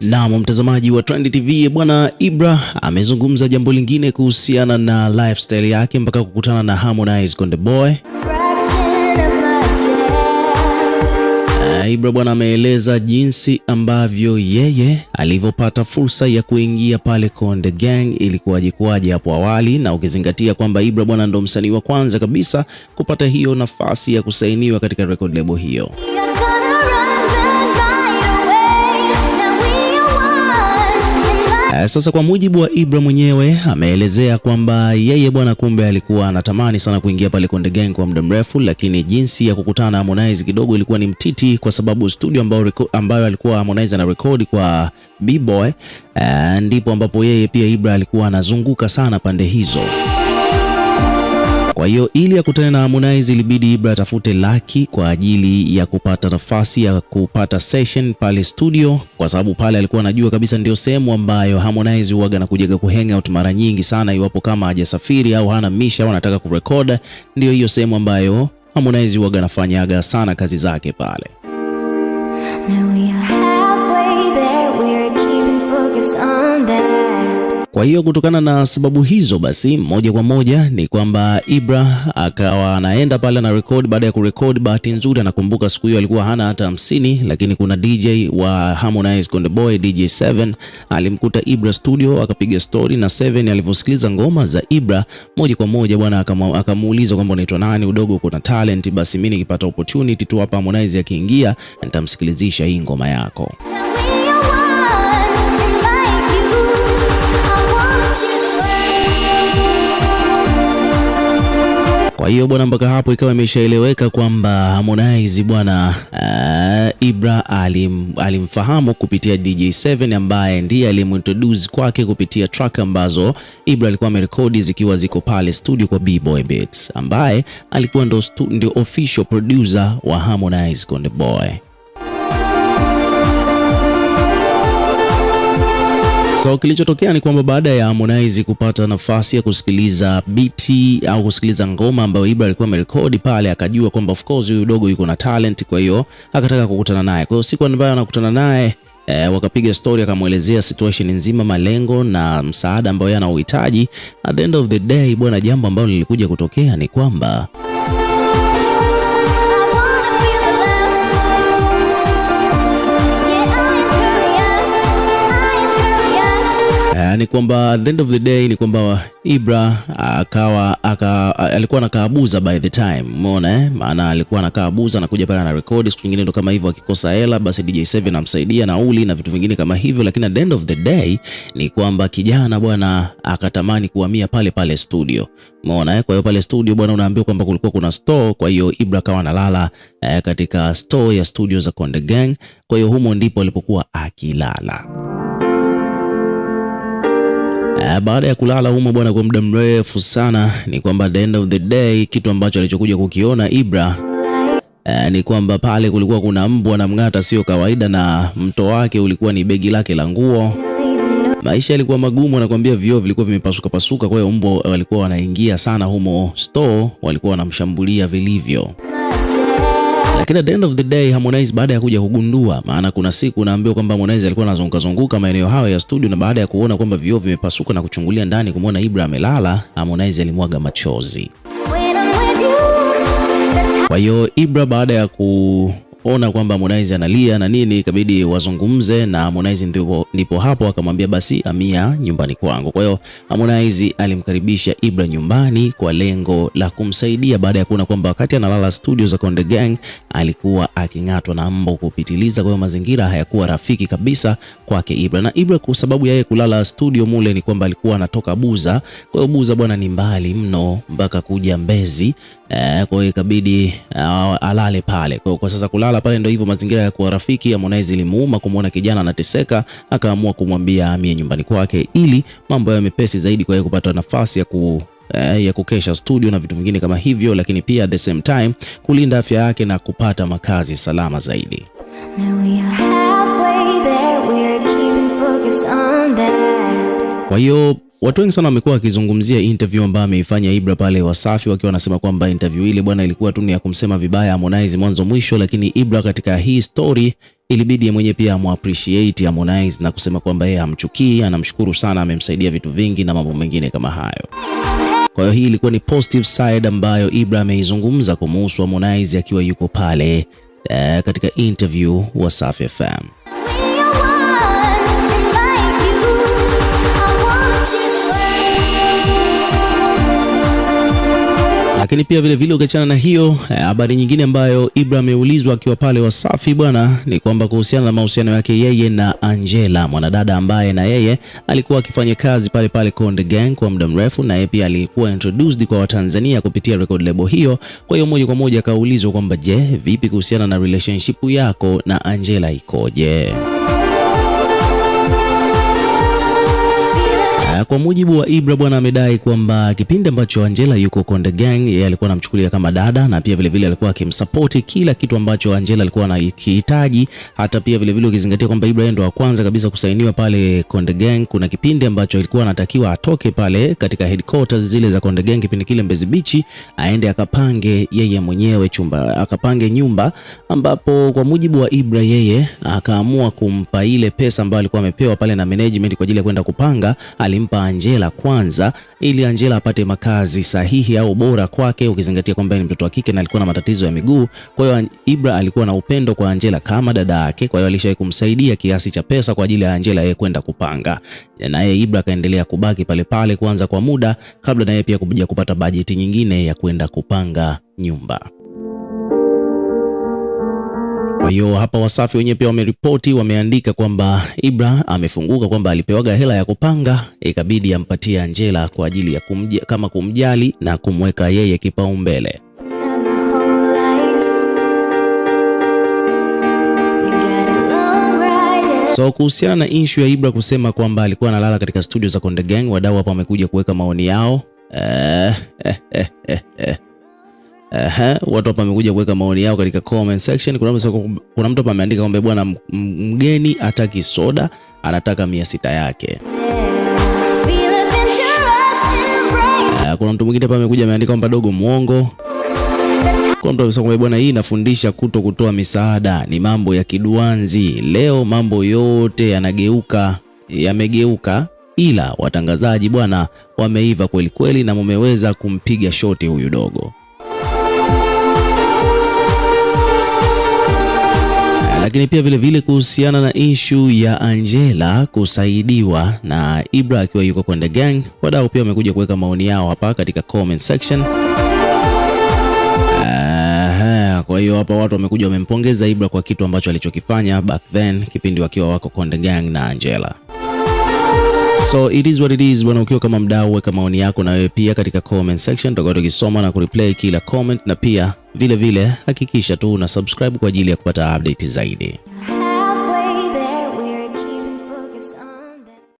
Naam, mtazamaji wa Trend TV bwana Ibra amezungumza jambo lingine kuhusiana na lifestyle yake mpaka kukutana na Harmonize Konde Boy. Eh, Ibra bwana ameeleza jinsi ambavyo yeye alivyopata fursa ya kuingia pale Konde Gang ilikuwa jikwaje hapo awali, na ukizingatia kwamba Ibra bwana ndo msanii wa kwanza kabisa kupata hiyo nafasi ya kusainiwa katika record label hiyo. Sasa kwa mujibu wa Ibra mwenyewe ameelezea kwamba yeye bwana, kumbe alikuwa anatamani sana kuingia pale Konde Gang kwa muda mrefu, lakini jinsi ya kukutana Harmonize kidogo ilikuwa ni mtiti, kwa sababu studio ambayo, ambayo alikuwa Harmonize ana record kwa B-Boy, eh, ndipo ambapo yeye pia Ibra alikuwa anazunguka sana pande hizo. Kwa hiyo ili akutane na Harmonize ilibidi Ibra atafute Lucky kwa ajili ya kupata nafasi ya kupata session pale studio, kwa sababu pale alikuwa anajua kabisa ndio sehemu ambayo Harmonize huaga na kujaga kuhang out mara nyingi sana, iwapo kama hajasafiri au hana misha au anataka kurekoda, ndio hiyo sehemu ambayo Harmonize huaga anafanyaga sana kazi zake pale. Now we are halfway there, are keeping focus on that. Kwa hiyo kutokana na sababu hizo, basi moja kwa moja ni kwamba Ibra akawa anaenda pale na record. Baada ya kurekodi, bahati nzuri anakumbuka siku hiyo alikuwa hana hata hamsini, lakini kuna DJ wa Harmonize Konde Boy DJ 7 alimkuta Ibra studio, akapiga story na 7 alivyosikiliza ngoma za Ibra moja kwa moja bwana akamuuliza kwamba unaitwa nani, udogo kuna talent, basi mimi nikipata opportunity tu hapa Harmonize akiingia nitamsikilizisha hii ngoma yako. hiyo bwana, mpaka hapo ikawa imeshaeleweka kwamba Harmonize bwana uh, Ibra alim, alimfahamu kupitia DJ7 ambaye ndiye alimintroduce kwake kupitia track ambazo Ibra alikuwa amerekodi zikiwa ziko pale studio kwa B-Boy Beats ambaye alikuwa ndio official producer wa Harmonize Konde Boy. So kilichotokea ni kwamba baada ya Harmonize kupata nafasi ya kusikiliza biti au kusikiliza ngoma ambayo Ibra alikuwa amerekodi pale, akajua kwamba of course huyu dogo yuko na talent, kwa hiyo akataka kukutana naye. Kwa hiyo siku ambayo anakutana naye E, wakapiga story akamwelezea situation nzima, malengo na msaada ambao anauhitaji. At the end of the day bwana, jambo ambalo lilikuja kutokea ni kwamba ni kwamba at the end of the day ni kwamba Ibra akawa aka, alikuwa anakaabuza by the time, umeona eh, maana alikuwa anakaabuza anakuja pale na record siku nyingine ndo kama hivyo, akikosa hela basi DJ7 anamsaidia nauli na vitu vingine kama hivyo, lakini at the end of the day ni kwamba kijana bwana akatamani kuhamia pale pale studio, umeona eh. Kwa hiyo pale studio bwana, unaambiwa kwamba kulikuwa kuna store, kwa hiyo Ibra akawa analala eh, katika store ya studio za Konde Gang. Kwa hiyo humo ndipo alipokuwa akilala. Eh, baada ya kulala humo bwana kwa muda mrefu sana, ni kwamba the end of the day kitu ambacho alichokuja kukiona Ibra e, ni kwamba pale kulikuwa kuna mbwa na mng'ata sio kawaida, na mto wake ulikuwa ni begi lake la nguo. Maisha yalikuwa magumu, anakuambia vioo vilikuwa vimepasuka pasuka. Kwa hiyo mbwa walikuwa wanaingia sana humo store, walikuwa wanamshambulia vilivyo. Lakini at the end of the day Harmonize baada ya kuja kugundua, maana kuna siku naambiwa kwamba Harmonize alikuwa anazunguka zunguka maeneo hayo ya studio, na baada ya kuona kwamba vioo vimepasuka na kuchungulia ndani kumwona Ibra amelala, Harmonize alimwaga machozi. Kwa hiyo Ibra baada ya ku walipoona kwamba Harmonize analia na nini, ikabidi wazungumze na Harmonize, ndipo, ndipo hapo akamwambia basi amia nyumbani kwangu. Kwa hiyo Harmonize alimkaribisha Ibra nyumbani kwa lengo la kumsaidia baada ya kuona kwamba wakati analala studio za Konde Gang alikuwa aking'atwa na mbo kupitiliza. Kwa hiyo mazingira hayakuwa rafiki kabisa kwake Ibra, na Ibra kwa sababu yeye kulala studio mule ni kwamba alikuwa anatoka Buza. Kwa hiyo Buza bwana ni mbali mno mpaka kuja Mbezi, eh, kwa hiyo ikabidi uh, alale pale kwa, kwa sasa kulala kulala pale, ndio hivyo mazingira ya kuwa rafiki. Harmonize ilimuuma kumwona kijana anateseka, akaamua kumwambia amie nyumbani kwake ili mambo yawe mepesi zaidi kwa yeye kupata nafasi ya ku eh, ya kukesha studio na vitu vingine kama hivyo, lakini pia at the same time kulinda afya yake na kupata makazi salama zaidi. Kwa hiyo watu wengi sana wamekuwa wakizungumzia interview ambayo ameifanya Ibra pale Wasafi, wakiwa wanasema kwamba interview ile bwana ilikuwa tu ni ya kumsema vibaya Harmonize mwanzo mwisho, lakini Ibra katika hii story ilibidi yeye mwenyewe pia amu Harmonize na kusema kwamba yeye amchukii anamshukuru sana, amemsaidia vitu vingi na mambo mengine kama hayo. Kwa hiyo hii ilikuwa ni positive side ambayo Ibra ameizungumza kumuhusu Harmonize akiwa yuko pale eh, katika interview Wasafi FM. Lakini pia vile vile ukiachana na hiyo eh, habari nyingine ambayo Ibra ameulizwa akiwa pale Wasafi bwana ni kwamba kuhusiana na mahusiano yake yeye na Angela, mwanadada ambaye na yeye alikuwa akifanya kazi pale pale Konde Gang kwa muda mrefu, na yeye pia alikuwa introduced kwa Watanzania kupitia record label hiyo. Kwa hiyo moja kwa moja akaulizwa kwamba je, vipi kuhusiana na relationship yako na Angela ikoje? Kwa mujibu wa Ibra bwana amedai kwamba kipindi ambacho Angela yuko Konde Gang, yeye alikuwa anamchukulia kama dada na pia vilevile alikuwa akimsapoti kila kitu ambacho Angela alikuwa anakihitaji, hata pia vilevile ukizingatia kwamba Ibra ndo wa kwanza kabisa kusainiwa pale Konde Gang. Kuna kipindi ambacho alikuwa anatakiwa atoke pale katika headquarters zile za Konde Gang, kipindi kile Mbezi Beach, aende akapange yeye mwenyewe chumba, akapange nyumba, ambapo kwa mujibu wa Ibra yeye akaamua kumpa ile pesa ambayo alikuwa amepewa pale na management kwa ajili ya kwenda kupanga alimpa kumpa Angela kwanza, ili Angela apate makazi sahihi au bora kwake, ukizingatia kwamba ni mtoto wa kike na alikuwa na matatizo ya miguu. Kwa hiyo Ibra alikuwa na upendo kwa Angela kama dada yake, kwa hiyo alishawahi kumsaidia kiasi cha pesa kwa ajili ya Angela yeye kwenda kupanga, naye Ibra akaendelea kubaki pale pale kwanza kwa muda, kabla na yeye pia kuja kupata bajeti nyingine ya kwenda kupanga nyumba. Kwa hiyo hapa Wasafi wenyewe pia wameripoti, wameandika kwamba Ibra amefunguka kwamba alipewaga hela ya kupanga, ikabidi ampatie Angela kwa ajili ya kumjia, kama kumjali na kumweka yeye kipaumbele. So kuhusiana na ishu ya Ibra kusema kwamba alikuwa analala katika studio za Konde Gang, wadau hapa wamekuja kuweka maoni yao eh, eh, eh, eh, eh. Aha, watu hapa wamekuja kuweka maoni yao katika comment section. Kuna mtu hapa ameandika kwamba bwana, mgeni ataki soda, anataka mia sita yake. Kuna mtu mwingine hapa amekuja ameandika kwamba dogo mwongo. Kuna mtu amesema kwamba bwana, hii inafundisha kuto kutoa misaada, ni mambo ya kiduanzi. Leo mambo yote yanageuka, yamegeuka ila watangazaji bwana wameiva kweli kweli, na mumeweza kumpiga shoti huyu dogo. Lakini pia vile vile kuhusiana na ishu ya Angela kusaidiwa na Ibra akiwa yuko Konde Gang, wadau pia wamekuja kuweka maoni yao hapa katika comment section. kwa hiyo hapa watu wamekuja wamempongeza Ibra kwa kitu ambacho alichokifanya back then kipindi wakiwa wako Konde Gang na Angela. So it is what it is bwana. Ukiwa kama mdau, weka maoni yako na wewe pia katika comment section, tutakuwa tukisoma na kureplay kila comment, na pia vile vile hakikisha tu una subscribe kwa ajili ya kupata update zaidi.